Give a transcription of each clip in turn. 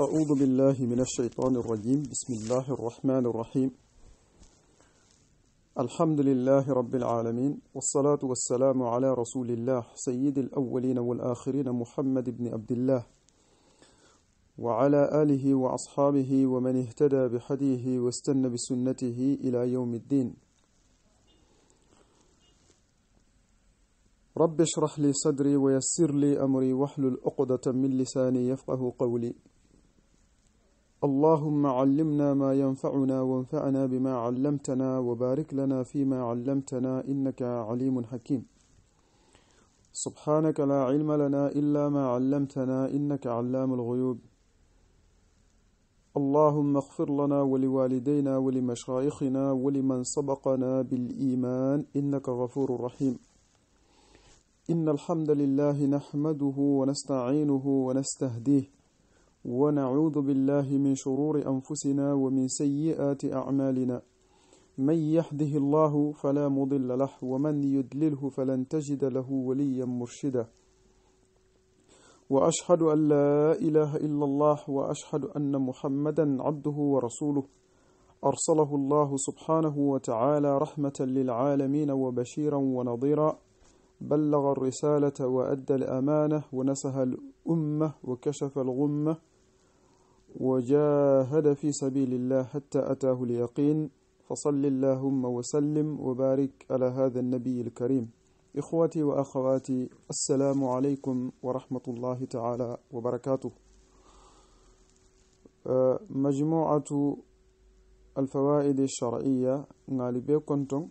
أعوذ بالله من الشيطان الرجيم بسم الله الرحمن الرحيم الحمد لله رب العالمين والصلاة والسلام على رسول الله سيد الأولين والآخرين محمد بن عبد الله وعلى آله وأصحابه ومن اهتدى بحديه واستنى بسنته إلى يوم الدين رب اشرح لي صدري ويسر لي أمري واحلل عقدة من لساني يفقه قولي اللهم علمنا ما ينفعنا وانفعنا بما علمتنا وبارك لنا فيما علمتنا إنك عليم حكيم سبحانك لا علم لنا إلا ما علمتنا إنك علام الغيوب اللهم اغفر لنا ولوالدينا ولمشايخنا ولمن سبقنا بالإيمان إنك غفور رحيم إن الحمد لله نحمده ونستعينه ونستهديه ونعوذ بالله من شرور أنفسنا ومن سيئات أعمالنا من يهده الله فلا مضل له ومن يدلله فلن تجد له وليا مرشدا وأشهد أن لا إله إلا الله وأشهد أن محمدا عبده ورسوله أرسله الله سبحانه وتعالى رحمة للعالمين وبشيرا ونظيرا بلغ الرسالة وأدى الأمانة ونسها الأمة وكشف الغمة وجاهد في سبيل الله حتى أتاه اليقين فصل اللهم وسلم وبارك على هذا النبي الكريم إخوتي وأخواتي السلام عليكم ورحمة الله تعالى وبركاته مجموعة الفوائد الشرعية نالي كنتم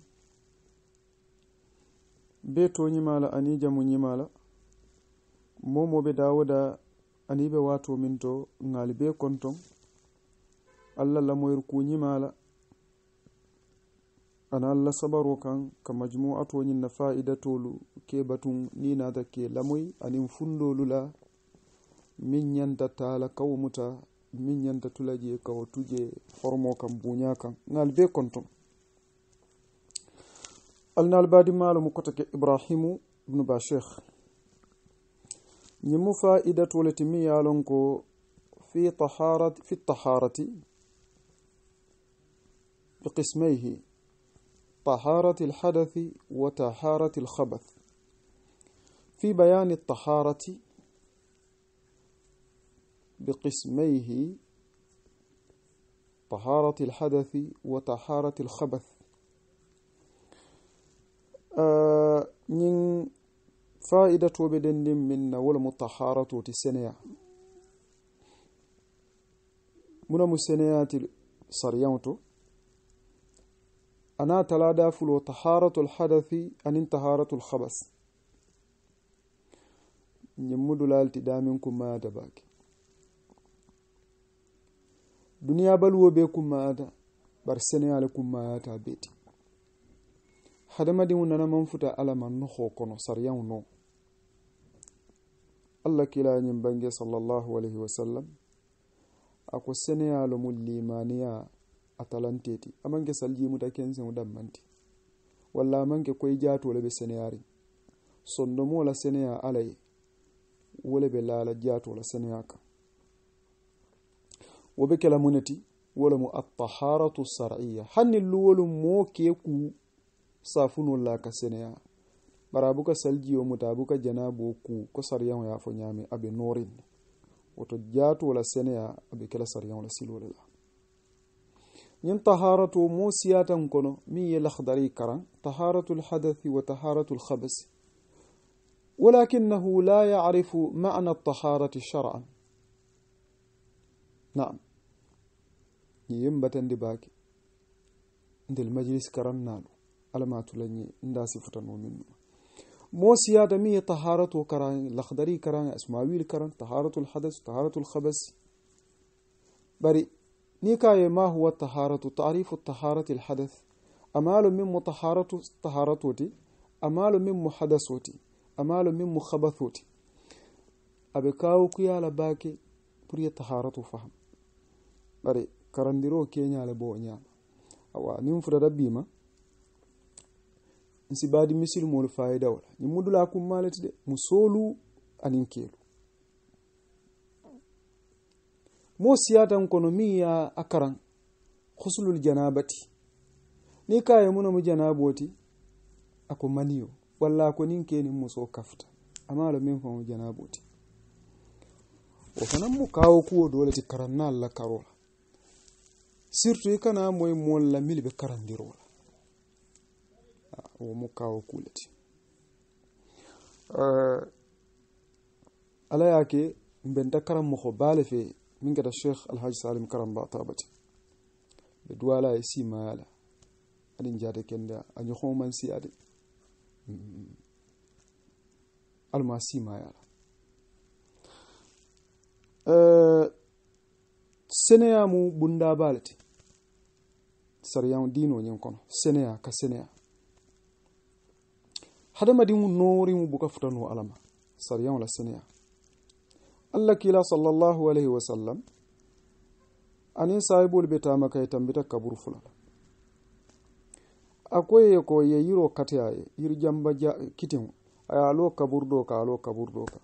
بيتو نيمالا أنيجا من نيمالا مومو بداودا anibe watomin to ngali be konton allah lamoyr kuñimala ana allah sabaro kan ka majmu atoñinna faida tolu ke batun ninata ke lamoy anin fundolula min ñanta tala kawomuta min ñanta tulaje kawo tuje hormo kan buña kan ngali be konton alnaalbadi malumu kotake ibrahimu ibnu ba sheikh نمو فائدة ولتمي لونكو في طهارة في الطهارة بقسميه طهارة الحدث وطهارة الخبث في بيان الطهارة بقسميه طهارة الحدث وطهارة الخبث آه نين fa'ida to be den din min na wal mutahharatu ti senaya muna musenayati saryanto ana talada fulo taharatu alhadathi anin taharatu alkhabas nyimudu lalti damin kuma da baki duniya balwo be kuma da bar senayal kuma ta beti hadamadi wonana man futa ala man no kono saryan no allah kila ñin bange sallllahu alaihi wa sallam ako ya lomu limaniya atalanteti amanke saljimuta kenseŋo dammanti walla amanke koye jaatole ɓe seneyari sondomola seneya alaye wole ɓe laala jaatola seneya kan ka ɓe kela muneti mu mo attaharatu sariya hanni luwalu mo ke ku safunol la ka seneya barabuka saljiyo mutabuka janabu ku ko sariyaŋo ya fo nyami abe norin noorin ne woto jaatoo la seneya a be ke la sariyaŋo la siloo le la taharatu musiyatan kono mi ye lahdari karan taharatu lhadathi wa taharatu lhabasi walakinahu la yarifu mana taharati shar'an naam ñiŋ ye mbatandi baake ndel majilis karaŋ naalu alla maatu la ñiŋ ndaa sifutanoo موسيا دمي طهارة كران لخدري كران اسماويل كران طهارة الحدث طهارة الخبث بري نيكاي ما هو الطهارة تعريف الطهارة الحدث أمال من مطهارة طهارتي أمال من محدثتي أمال من أبي كاو يا لباكي بري طهارة فهم بري كران ديرو كينيا لبو نيام أو نيم فرد بيما nsibadi misil molu fayida wala ñiŋ mu dula de musoolu aniŋ keelu moo siyatan kono miŋ ye a karaŋ husulul janabati niŋ ka ye munomu janaboo ti ko maniyo walla a ko niŋ ke niŋ musoo kafuta ama kuwo doo ti karaŋ la karoo la surtout i kana moyi moolu ومكة وكولتي أه على ياكي بن كرم مخو بالي في من قد الشيخ الحاج سالم كرم باطابتي بدوالا يسي مالا أدين جادي كندا أن يخو من سي أدين ألما سي مالا أه seneya mu bunda balati sariyaŋ diino ñiŋ kono seneya ka seneya hadamadiŋo nooriŋo buka futa noo alla ma sariyaŋo la seneya alla kila salallahu alayhi wasallam aniŋ saayiboolu be taama ka tambita kaburu fula la a ko ye ko ye yiroo kati a ye yiri jamba ja kitiŋo a ye a loo kaburu doo ka a loo kaburu doo ka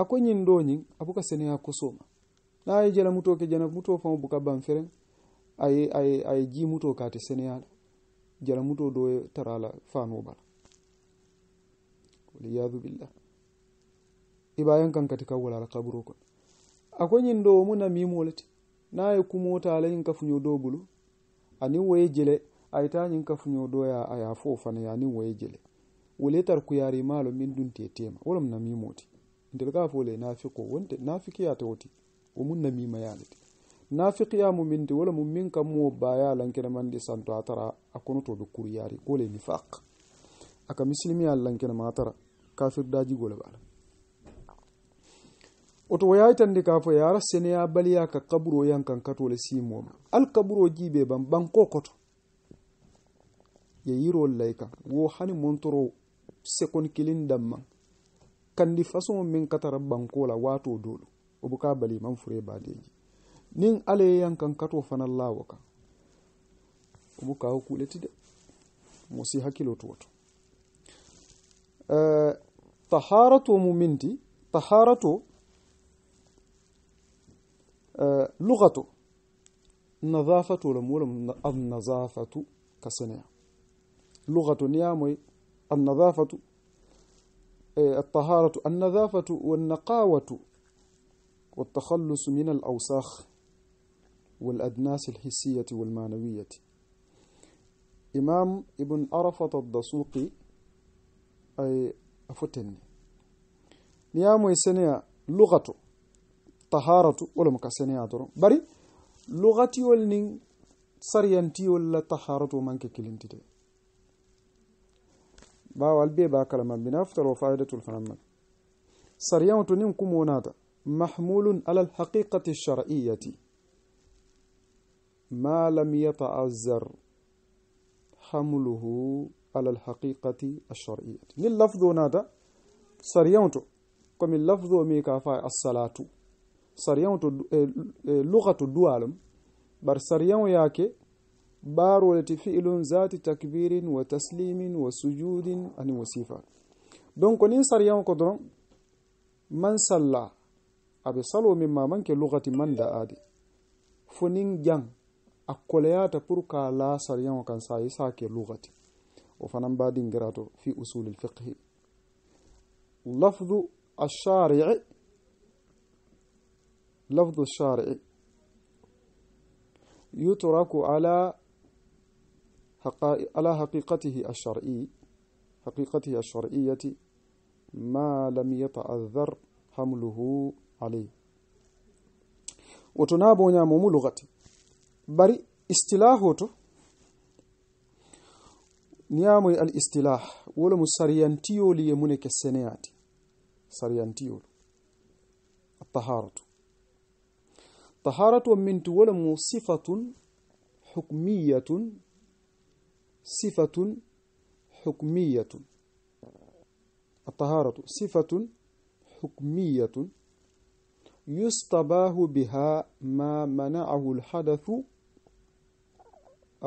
a ko ñiŋ doo ñiŋ a buka seneya kosoo ma niŋ a ye jela mutoo ke jena mutoo faŋo buka baŋ fereŋ a ye a ye a ye jii mutoo ka ate seneya la jela mutoo doo ye tara a la faanoo bala waliyadhu billah ibayan kan katika wala kaburo ko akonyi ndo muna mimolati naye kumota alayin kafunyo dobulu ani wejele aitanyin kafunyo doya aya fofana yani wejele wuletar ku yari malo min dun tetema wolum na mimoti ndel fole nafiko wonte nafikiya tawti wo mun na mima yalati nafiqiya mu min ti min kam mo baya lankene mandi santo atara akono be kuriyari kole nifaq aka muslimi al lankene kafirdaji gole bala oto wayawi tande kafo e yara sene ya baliya ka kaburo yankan katole simoma alkaburo jibe ban banko koto yeyirol laykan wo hani montoro sekon kilin damman kandi façon min katara bankola wato dolu obuka baliman fure badeji nin ala ye yankan kato fana lawo kan obukawo kuleti de mosi hakkilo to woto uh, طهارته مومنتي طهارته لغته آه، لغة نظافة لمول النظافة كسنة لغة نيامي النظافة آه، الطهارة النظافة والنقاوة والتخلص من الأوساخ والأدناس الحسية والمعنوية إمام ابن عرفة الدسوقي أي afutenne niyamoye seneya lugatu taharatu wolemo ka seneya doron bari lugatiyol nin sariyantiyol la taharatu manke kilintide bawal be ba kalama binaftar wa fa'idatul fanamman sariyatu nin kumonata محمول على الحقيقة الشرعية ما لم يتعذر حمله ala alhaqiqati ash-shar'iyyah ni lafdhu nada sariyanto comme lafdhu mi ka as-salatu sariyanto lughatu dualum bar sariyan yake baro lati fi'lun zati takbirin wa taslimin wa sujudin ani wasifa donc ni sariyan don man salla abe salo mimma manke lughati man da adi funin jang akoleyata pour la sariyan kan sai sake lughati وفنان بادين قراته في أصول الفقه لفظ الشارع لفظ الشارع يترك على على حقيقته الشرعي حقيقته الشرعية ما لم يتأذر حمله عليه وتنابون يا مومو لغتي بري استلاهوتو نيامي الاستلاح ولم سريانتيو لي منك السنيات سريانتيو الطهارة طهارة من ولم صفة حكمية صفة حكمية الطهارة صفة حكمية يستباه بها ما منعه الحدث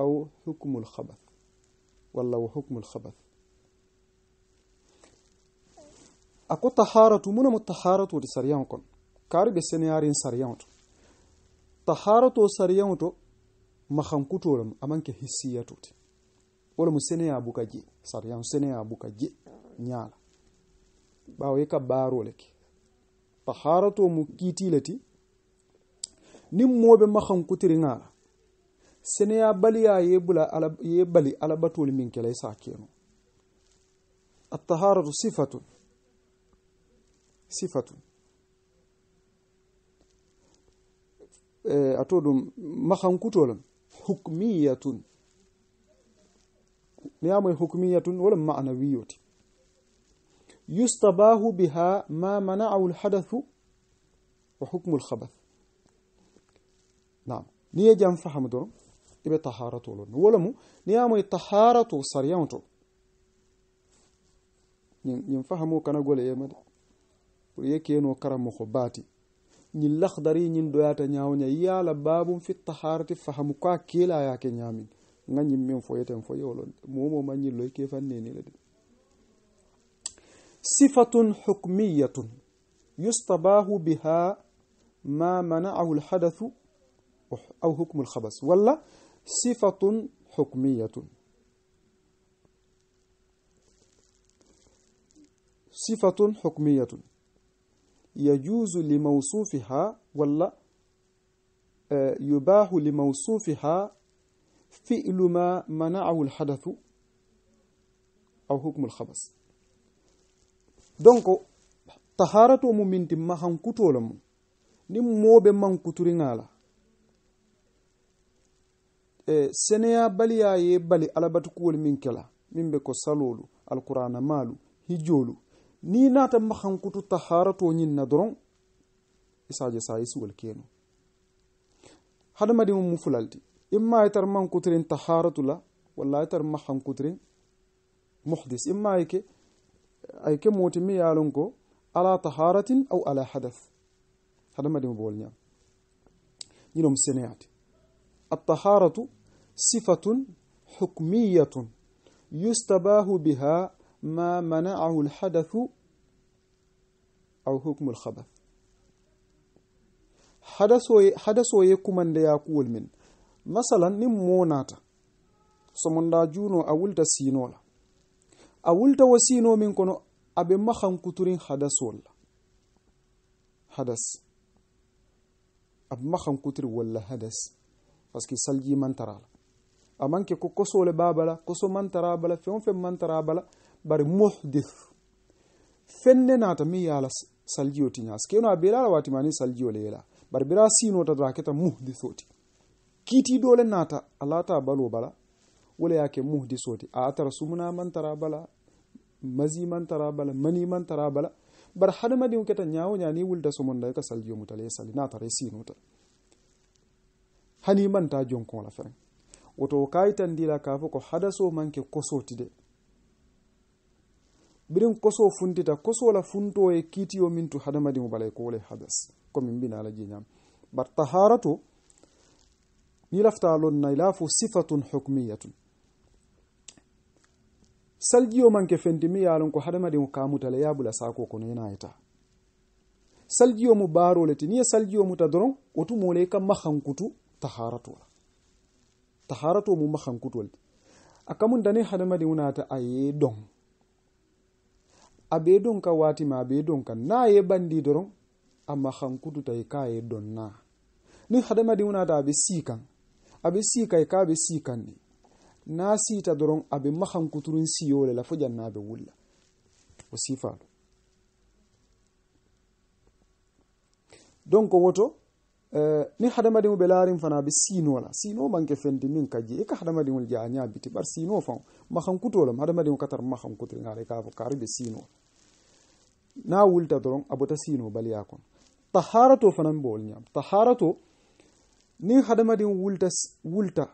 أو حكم الخبث wa حكم الخبث ako taharatu muna mu taharatu ti sariyanko kari be seneyarin sariyanto taharatu sariyanto mahankutolam amanke hissiyatoti wala mu seneya buka je sariyan seneya buka je ñala ɓawo yeka baro ke taharatu mu kiitileti nin moɓe mahankutiri seneya baliya ye bula ala ye bali alabatol min kɛla i s'a kɛnu الطهارة صفة صفة أتودم مخان كتولا حكمية نعم حكمية ولا معنوية يستباه بها ما منع الحدث وحكم الخبث نعم نيجي أن فهم ibe taharatu lon wolamu niyamu taharatu sariyantu fahamu kana gole yemade yake no karamu khobati ñin lakhdari ñin doyata ya la babum fi taharati fahamu ka kila yake ñamin nga ñin min foyeten fo yolon momo ma ñin loy ke ni la sifatun hukmiyatun yustabahu biha ma mana'ahu alhadath aw hukm alkhabas wala صفة حكمية صفة حكمية يجوز لموصوفها ولا آه، يباح لموصوفها فئل ما منعه الحدث أو حكم الخبث donc طهارة mu minti mahankutola نمو بمن كتورينالا e seneya baliya ye bali alabatukuwolu min kela min be ko salolu alqur'ana malu hijolu ni naata mahankutu taharato ñin na doron isaje sa yisuwol keno hadamadiŋo mu fulalti imma ye tara mankutirin taharatu la walla ye tara mahankutirin muhdis imma ye ke ay ke ti mi ye a lon ko ala taharatin aw ala hadath hadamadiŋo bowol ñam ñinom seneyaati attaharatu صفة حكمية يستباه بها ما منعه الحدث أو حكم الخبث حدث ويكمن ليقول من مثلا نمونات somonda juno a wulta sino la a wulta wo sino min kono abe mahan kuturin hadasol la hadas abe mahan kuturin walla hadas parce que salji mantara la amanke ko kosole babala koso mantara bala fewn fe mantara bala bari muhdith fenne nata mi yala saljiyo tiña sikeno a belala watimani saljiyo le yela bari bira sino ta a keta muhdithoti dole nata alata balo bala wala yake muhdithoti a tar sumuna mantara bala mazi mantara bala mani mantara bala bar hadamadin keta ñawo ñani wulda somonda ka saljiyo mutale sali natara sinota hani manta jonkon la fere woto kayitan dila ka fo ko hadaso manke kosotide birin koso funtita la funto e kiitiyo min hadamadi mo balay ko le hadas ko min bina la jinyam bar taharatu ni lafta lonna ila sifatun hukmiyatun saljiyo manke fendi mi yalon ko hadamadi mo kamuta le yabula sako kono yenayita saljiyo mu barole ti ni ye saljiyo muta doron wotu mole kam mahankutu taharatu wala taharatu mum ma hankutol akamun dane hadamadi wonata aye don abe don ka ma abe don ka na ye bandi doron kutu ta tay ka ye don na ni hadamadi wonata abe sikan abe sikay ka kan ne. na sita doron abe ma hankuturun siyole la na janna abe wulla o Don ko woto Eh, ni hadamadiŋo be laariŋ fanaŋ be siinoo la sino man ke fendi min ka je ka hadamadiŋol je a ñaa biti bari siinoo faŋo mahankutoo lem hadamadiŋo ka tara mahankutiriŋa la i ka a fo kaari be siinoo la na a wulita doroŋ a bota siinoo baliyaa kono taharato fana bol nyam ñaama taharato niŋ hadamadiŋ wulta wulta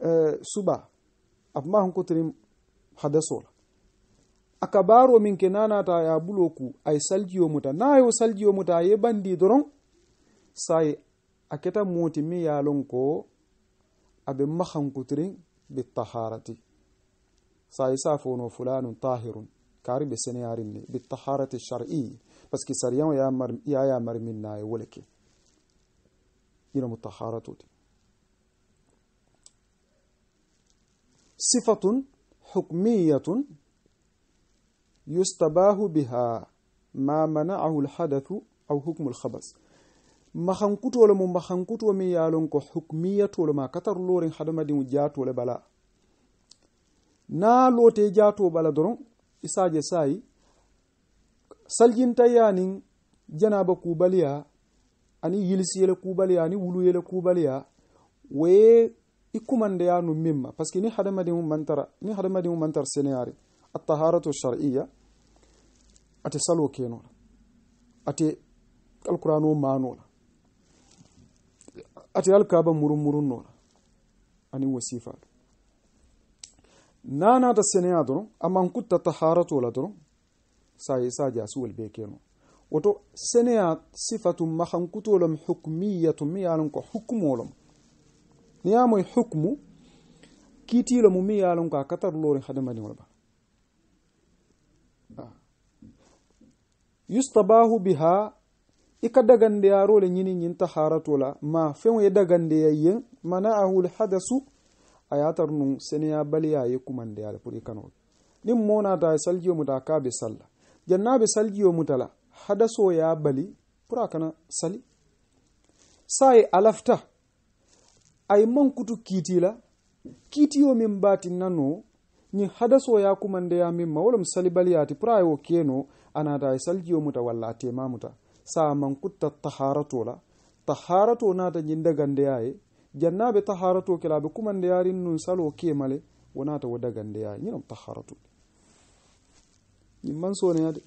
eh, subaa a fo mahankutiriŋ hadasoo la a ka baaroo miŋ ke naanaata ta ya buloku ay ku a ye muta na a ye wo salijio muta a ye bandi. sayi a keta muti mi ye a lon ko a be mahankutirin bitaharati sayi sa fono fulanun tahirun kari be seneyarin ne bitaharati shar'i paske sariyaŋo ya yamari min naye wo le ke yina mutaharatu ti sifatun hukmiyatun yustabahu biha ma mana'ahu alhadathu aw hukmu alkhabas mahankutole mo mahankuto min yalon ko hukmiyatole ma katar lorin hadamadin jatole bala na lote jato bala doron isaje sayi saljintayanin janaba kubaliya ani yilsiyele kubaliya ani wuluyele kubaliya waye i kumandeyanu minma parce ni hadamadin mantara ni hadamadin mantara seneyare ataharatu shariya ate salo kenola ate alkurano manola ate alkaba murumurun ani wasifa nana nanata seneya doron aman kutta taharatola doron sai sa ja wol bekeno woto seneya sifatu mahankutolom hukmiyatu mi yalon ko hukmolom ni moy hukmu kiitiilomu mi yalon ko a lori hadamaniol wala ah. yustabahu biha i ka dagandeyarole ñini ñinta haratola ma feŋo ye dagandeya yeŋ mana ahul hadasu a yatar nu seneya baliya ye kumandeyale puri kano niŋ monata ye saljiyo muta a ka be salla janna be saljiyo mutala hadaso ya bali pura kana sali sa ye alafta a ye maŋ kutu kiiti la kiitiyo meŋ batinna no ñiŋ hadaso ya kumandeya meŋ ma wo lem salibaliyati pura a ye wo keno a naata a ye saljiyo muta walla a tema muta سامن كت الطهارة ولا طهارة ونا تجند غندي أي جنا بطهارة وكلا بكم عند يارين نسال وكيمالة ونا تودا غندي أي نعم طهارة يمن سوني هذا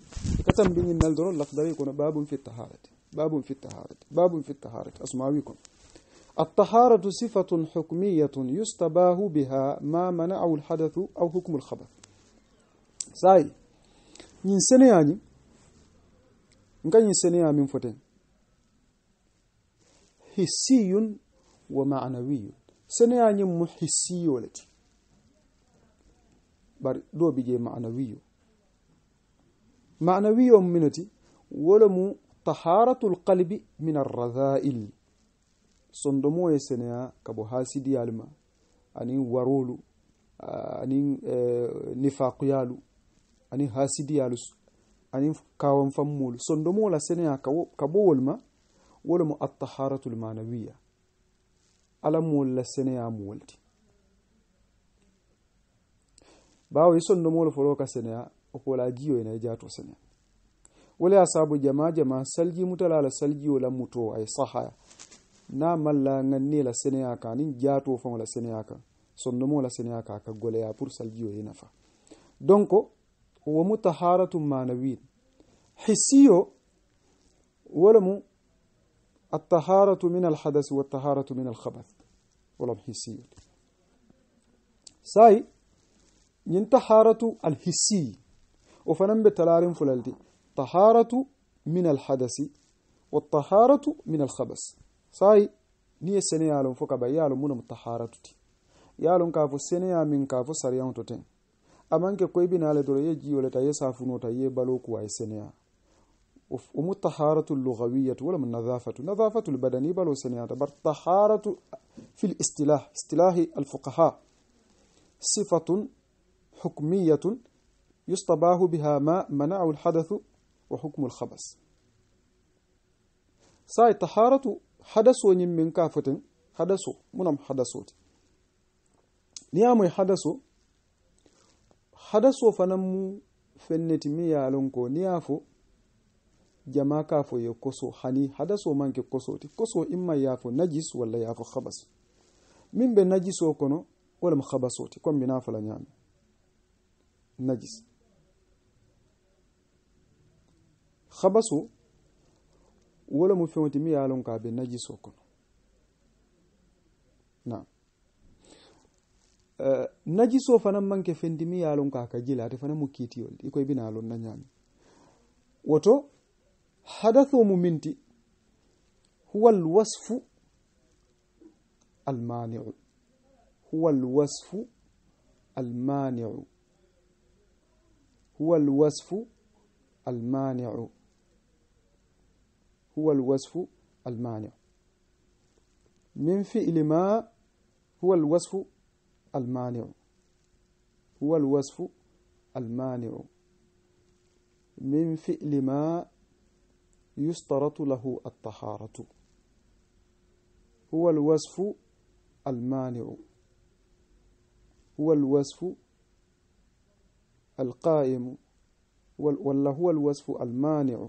كتم بيني نلدر لفظة يكون باب في الطهارة باب في الطهارة باب في الطهارة أسمعوكم الطهارة صفة حكمية يستباه بها ما منع الحدث أو حكم الخبر ساي نسني nganyi sene amin foten hissiyun wa ma'nawiyun sene anyi muhissiyo lati bar do bije ma'nawiyo ma'nawiyo minati wala mu taharatul qalbi min ar-radha'il sondomo yesene kabo hasidi alma ani warulu ani eh, nifaqiyalu ani hasidi alus ani kawan fammol sondomo la seneya ka bowol ma wala mo al lmanawiya ala mool la ya multi bawo i sondomolo folo ka sene seneya okola jiyo ina e jato sene wala asabu sabu jama jama salji mutala la saljiyo la muto ay saha na malla ganne la seneya ka nin jato fan la sene ya ka sondomo la ya ka ka gole ya pour saljiyo e nafa donc ومطهارة معنوية حسية ولم الطهارة من الحدث والطهارة من الخبث ولم حسية ساي ينتحارة الحسي وفنن بتلارم فلالدي طهارة من الحدث والطهارة من الخبث ساي ني سنة يالون فوق بيالون من الطهارة يالون كافو سنة من كافو سريان توتين amanke le dore ye jiyole ta ye ta ye balo ku balokuwa ye seneya umu taharatu llugawiyatu walama nadhafatu nadafatu lbadani balo ta bar taharatu fi listilah istilahi alfuqaha sifatun hukmiyatun yustabahu biha ma mana'u lhadathu wa hukmu lhabas sai taharatu hadasu ñimmin ka foten hadasu munam hadasu hadasoti niyamoy hadasu hada mi fennetimi lon ko ni a fo jama ka fo ye koso hani hada so manke koso ti koso imma ya fo najis walla ya fo khabas min be najiso kono walama khabaso ti comme bina fala ñaami najis khabaso wala mu feŋo ti miŋ ye a ka be najiso kono no. Uh, najiso fana manke fendimi yalon ka kajila ate fana mukitiyol iko ibina alon na nyami woto hadathu muminti huwa alwasfu almani'u huwa alwasfu almani'u huwa alwasfu almani'u huwa alwasfu almani'u min fi'li ma huwa alwasfu المانع هو الوصف المانع من فعل ما يشترط له الطهارة هو الوصف المانع هو الوصف القائم ولا هو الوصف المانع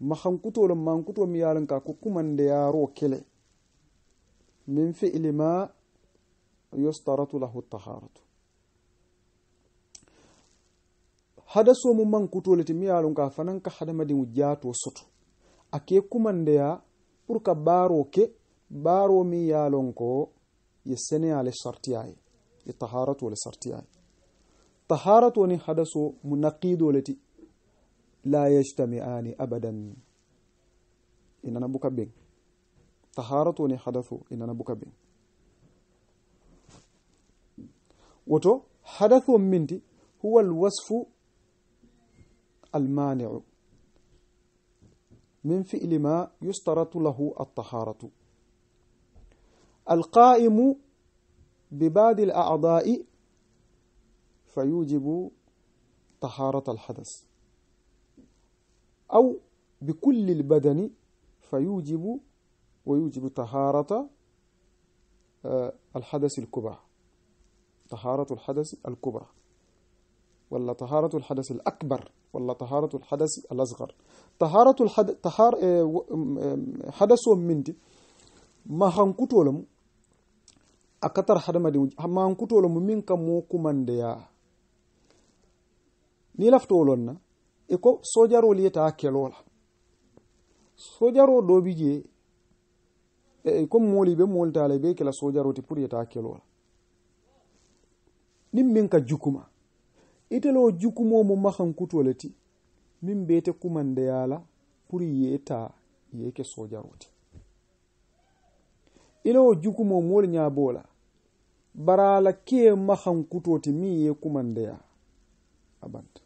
ما خنقتو لما نقتو ميالن كاكو ko ديارو yaro من فعل ما يشترط له الطهارة hadaso mu man kutolete miyalon ka fanan ka hadamaden jaato soto ake kumandeya pour ka baaro ke baaro mi yalon ko ye seneyale sartiyaye ye taharatu le sartiyaye taharatu woni hadaso mu naqidoleti la yajtami'ani abadan inana buka ben taharatu ni hadathu inana buka وتو حدث من minti هو الوصف المانع من فعل ما يشترط له الطهارة القائم ببعض الأعضاء فيوجب طهارة الحدث أو بكل البدن فيوجب ويوجب طهارة آه، الحدث الكبار طهارة الحدث الكبرى ولا طهارة الحدث الأكبر ولا طهارة الحدث الأصغر طهارة الحدث طهار آه، آه، حدث مندي ما هنكتولم أكتر حدما دي ما هنكتولم منك موكو من ديا نيلافتولون إكو سوجارو ليتا كيلولا sojaro doo bi jee comme mooli be moolitaala be kela sojaro ti pour yeta kelola niŋ min ka jukuma itelo jukumo mo mahan le ti be ite la puru ye min bete kumandeyala pour yeta yeke sojarote ilo jukumo a la kee ke mahan kutoti mi ye kumandeya abanta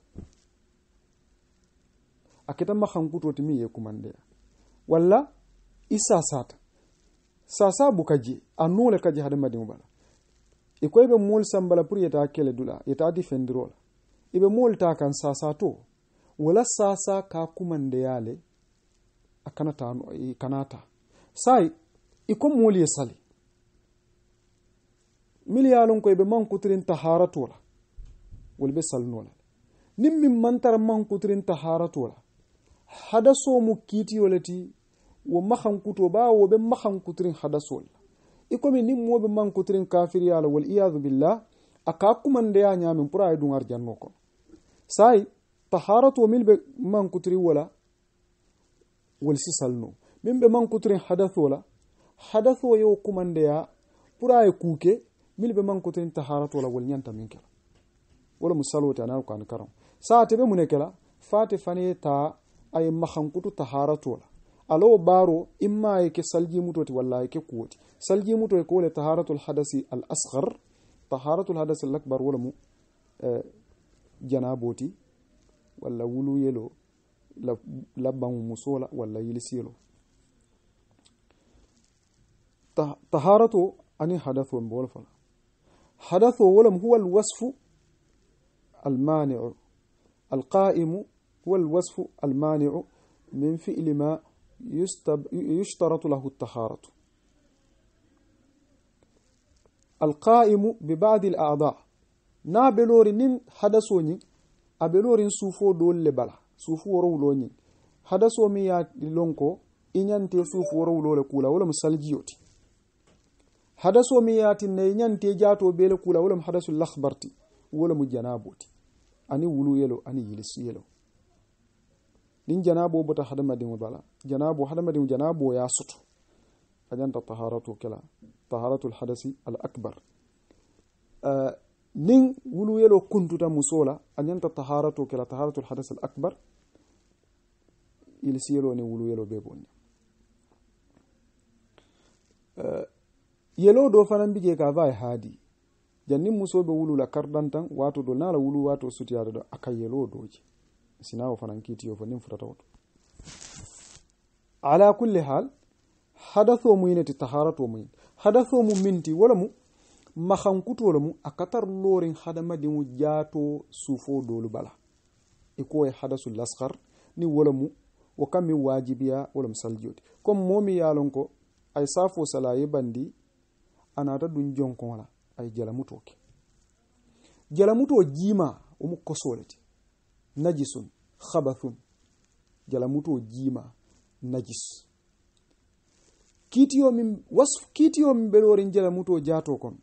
akita mahan ti miŋ ye kumandeya walla i saasaata saasaa buka isasata sasa le ka je hadamadimo bala i ko i be moolu sanbala pour yeta kele dula yeta i be moolu moolta kan sasa to wala sasa ka kumandeyale a kanata kanata sai iko mool ye sali mil ye lon ko eɓe mankutorin taharatola wol ɓe salnola nin min mantara mankutorin taharatola hadaso mu kiitiyole ti wo mahankuto ɓa wo ɓe mahankutorin hadasolla ikomi nin moɓe mankotirin kafiriyala wal iyadu billah aka kumandeya ñamin pour aye dungar janno kono sayi taharatu wo min ɓe mankutiri wala wol sisalno min ɓe mankotirin hadathu wala hadathu o yo kumandeya pour aye kuuke min ɓe mankotirin taharatu wala wol ñanta min kela wala mu salote anan ko an karan sa teɓe mune kela fate fane ta aye mahankutu taharatu wala alo baro imma yake salji mutoti walla yake kuwoti salji muto ko le taharatul hadasi al asghar taharatul hadasi al akbar wala mu janaboti walla wulu yelo labban musola walla yilisilo طهارته أني حدث بول فلا حدث ولم هو الوصف المانع القائم هو الوصف المانع من فعل ما يشترط له الطهارة القائم ببعض الأعضاء na belori nin hadaso nyin a belorin sufo dole bala sufu woro wulo nyin hadaso mi ya lonko inyante sufu woro wulo le kula wala misaljiyoti hadaso mi ya tin inyante jato bele kula wala hadasul lakhbarti wala mujanaboti ani wulu yelo ani yilis yelo din janabo bota hadamadiŋo bala janabo hadamadiŋo janabo ya sutu ajan ta taharatu kela taharatu Hadasi al akbar eh, wulu nin kuntu ta muso la a janta taharatu kela taharatu Hadasi al akbar ilisiyelo ni wuluyelo be bonni eh, yelo do fanan bije ka vai hadi janni muso be la kardantan wato do nala wulu wato sutiyata do aka yelo doje sinawo fanankiti yo fonim futata ala kulli hal hadathu muinati taharatu muin hadathu muminti wala mu mahankutu wala mu akatar lorin hadama dimu jato sufo dolu bala iko e hadasu lasqar ni wala mu wa kam wajibiya wala musaljiyoti kom momi yalon ko ay safu salaye bandi anata dun jonkon la ay jalamuto ke jalamuto jima umu mu kosoleti najisun khabathun jala mutu o najis kitio min wasf kitio min ɓeɗorin jala mutu o kon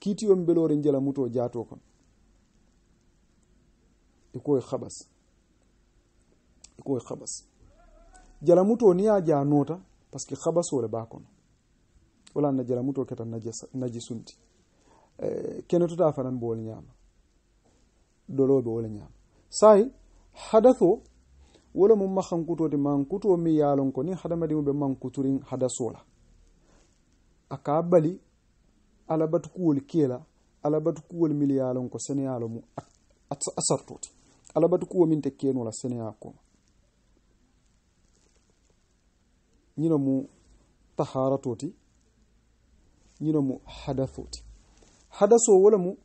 kitio min ɓeɗorin jala mutu o kon iko e khabas iko e khabas koye habas jala mutu o ni ya janota par ce que habas ole ba kono wala na jala mutu o keta najisunti eh, kene tota fanan bol nyama dolo be wala ñaam sai hadatho wala mum mahan de man kuto mi yalon ko ni hadamadimu be man kuturin hadasola akabali bali alabatu kuwol kela alabatu kuwol mil yalon ko seneyalo mu asartoti alabatu kuwo min te kenola seneya koma ñino mu taharatoti ñinomu mu hadathoti hadaso wala mu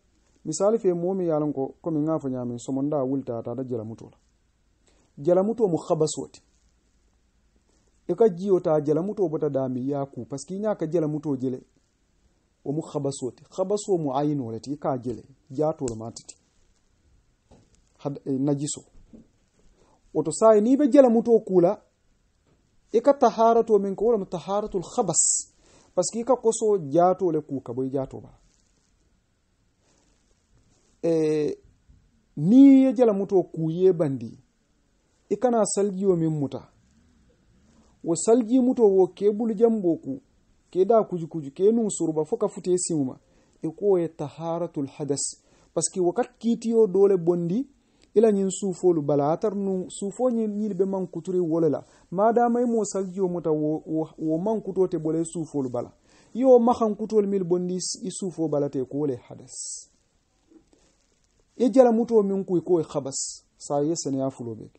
misali fe momi yalan ko komi nga fo ñaami somonda wulta ta da jela mutola jela muto mu khabaswati e ka jiyo ta jela muto bota dami ya ku parce que ka jela muto jele o mu khabaswati khabaso mu ayin lati ka jele jato la matiti had e, najiso oto sai ni be jela muto kula e ka taharatu min ko wala taharatul khabas parce que ka koso jato le ku ka boy jato ba e, eh, ni ye jala muto kuye bandi i kana saljiwo min muta wo salji muto wo ke bulu jamboku ke da kuju kuju ke nun suruba fo fute simuma e ko ye taharatul hadas paski wakat kitiyo dole bondi ila ñin suufolu bala atar nu suufo ñil be mankuturi wole la madama i mo saljio muta wo, wo, wo mankutote bole suufolu bala yo maxankutol mil bondi i suufo ko wole hadas ejala muto min ku ko khabas sa yesene ya fulobe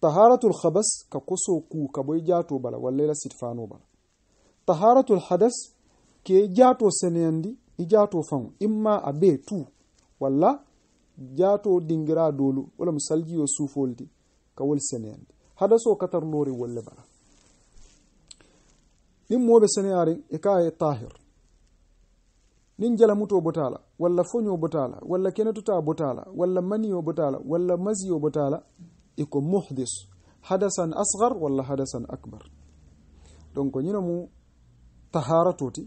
taharatul khabas ka koso ku ka boy jato bala wallela sitfano bala taharatul hadas ke jato senendi i jato fan imma abe tu walla jato dingira dolu wala misalji yo sufoldi ka wol senendi hadaso katar lori walla bala nin moɓe seneyari e ka tahir nin jala muto botala walla foño botala walla kenatuta botala walla maniyo botala walla masiyo botala iko muhdis hadasan asgar walla hadasan akbar donc ñino mu tahara toti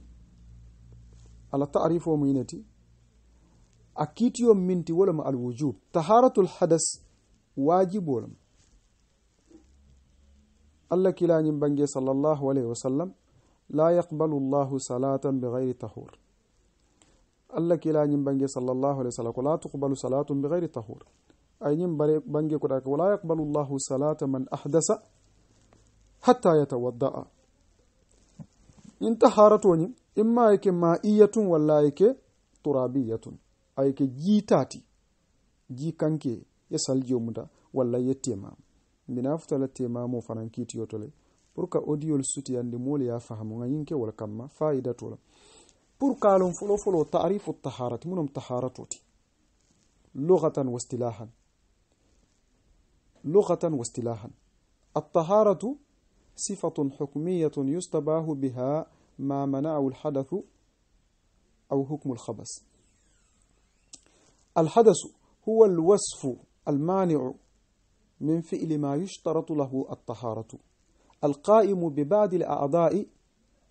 ala taarif o mu yineti a kiitiyo minti wolema al wujub taharatul hadas waajibolam allah kilañim bange sallllahu alayhi wa sallam la yaqbalu llahu salatan bigayri tahur allah kila ñim bange sallallahu alaihi wasallam ta la tuqbalu salatun bighairi tahur ay ñim bare bange ko ka wala yaqbalu Allahu salata man ahdasa hatta yatawaddaa in taharatoñim imma yake maiyatun walla ayke turabiyatun ayke jiitati ji kanke ye saljiyo muda walla ye tema mbina futala temamo fanan kiitiyotole pour que audiol sutiyandi moolu ye fahamu ŋa yinke wol kamma faida tola pour kaalum فلو تعريف الطهارة tahaarati munum tahaaratuuti لغة واستلاحا لغة واستلاحا الطهارة صفة حكمية يستباه بها ما منع الحدث أو حكم الخبث الحدث هو الوصف المانع من فعل ما يشترط له الطهارة القائم ببعض الأعضاء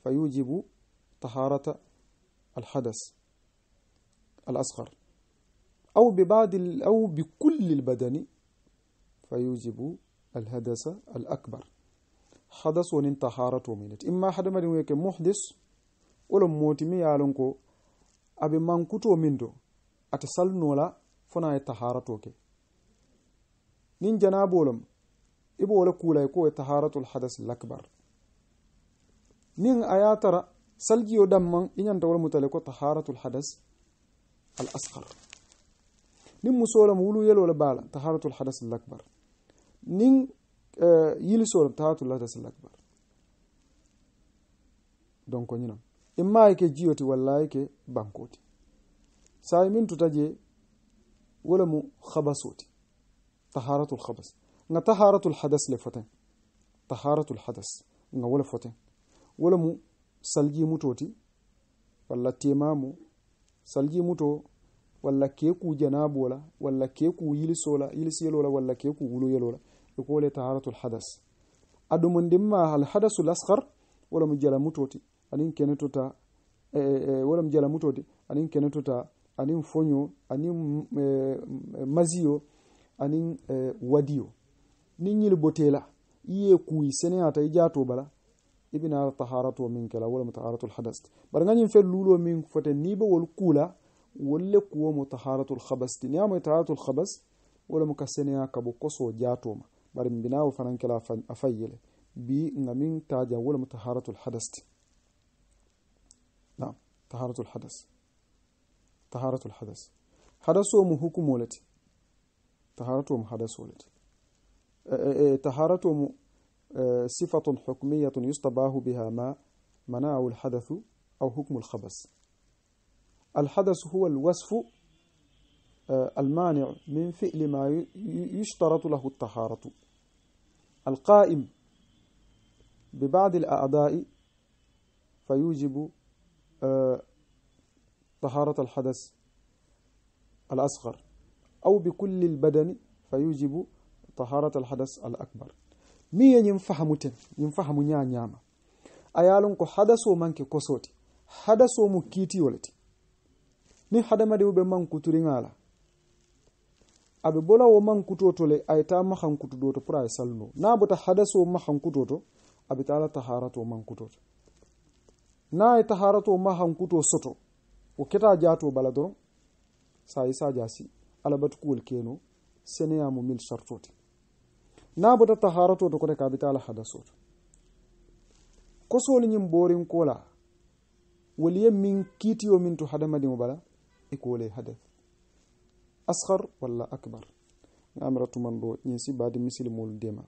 فيوجب طهارة الحدث الأصغر أو ببعض أو بكل البدن فيوجب الحدث الأكبر حدث ونين طهارة ومنت إما حدا ما دين محدث ولا موتمي يالونكو أبي مانكوتو ومينتو أتصل نولا فنا يتحارة وكي نين جنابولم إبو ولا كولا يكو طهارة الحدث الأكبر نين آياترا salgiyo damman inyan wala mutale ko taharatul hadas al asgar nin musolam wulu la baala taharatul hadas al akbar nin eh, yilisolam taharatul hadas al akbar donko ñinam imma ke jiyoti walla ke bankoti sai min tutaje wala mu khabasoti taharatul khabas nga taharatul hadas le foten taharatul hadas nga wala foten wala mu salji mutoti walla temamu salji muto walla keku janabola walla keku yilisola yiliselola walla keku wuloyelola ekole taharatul hadas aɗumon ndimma hal hadasul asghar wala mujala mutoti anin kenetota e, e, e, wala mujala mutoti anin kenetota anin fonyo anin e, mazio anin e, wadiyo nin yil botela iye kuyi sene ata i ibina taharato min kala wala mutaharatul hadast bar ngani fe lulo min fote niba ba wal kula wala kuwa mutaharatul khabast ni am taharatul khabas wala mukassani ka bu koso jatoma bar bina wa fanan kala afayile bi ngamin taja wala mutaharatul hadast na taharatul hadas taharatul hadas hadaso mu hukumolati taharatu mu hadasolati taharatu mu آه، صفة حكمية يستباه بها ما مناع الحدث أو حكم الخبث الحدث هو الوصف آه، المانع من فعل ما يشترط له الطهارة القائم ببعض الأعضاء فيوجب آه، طهارة الحدث الأصغر أو بكل البدن فيوجب طهارة الحدث الأكبر miye nyimfahamu ten nyimfahamu nyanyama ayalun ko hadaso manke kosoti hadaso mu kiti yolati ni hadama hadamade ube manku turingala abe bola wo manku totole ayta mahanku tudoto pour ay salno na bota hadaso mahanku toto abe tala taharato manku toto na ay taharato mahanku to soto o keta jato baladoro don sa isa jasi alabatu kul keno seneyamu mil shartoti naɓota taharato to kote kaɓitala hadasoto kosol ñin borin kola waliye min kiitiyo min to hadamadimo bala e kole hadas ashar walla akbar amira tuman ɗo ñin si badi misilimol ndema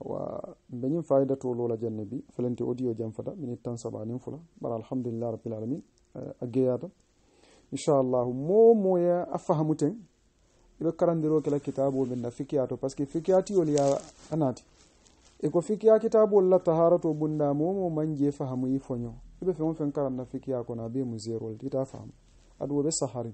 wa beñin fayida to lola janne bi felente audio jam fata minute tan sabanin fula bara alhamdulillah rabbil alamin a geyata inchallahu mo moya a fahamuten ibe karandiro kela kitabu to fikiyatu que fikiyati yol ya anati i ko fikiya kitabu la to bunda momo manje fahamu yi fonyo ibe fe fen na fikiya ko na be mu zerol ita fahamu adu be saharin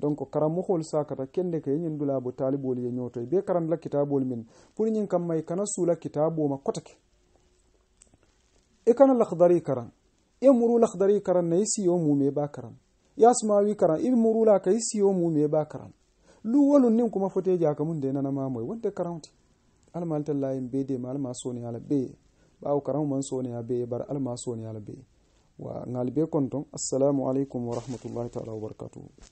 donc karammohol sakata kende ko yeñin dula bo taalibol ye ñootoy be la kitabu min pour ñin kam mai kana la suula kitaboma kotake e kana lahdari karan e muru lahdari karan nayi siyo me ba karan yasmawi karan i la ka i siyo me ba karan luwolun nin kuma fote jaka mun de nana mamoy wonde karawti almal tallayin be de malma soni ala be bawo karaw man soni ya be bar alma soni ala be wa ngal be assalamu alaikum wa rahmatullahi ta'ala wa barakatuh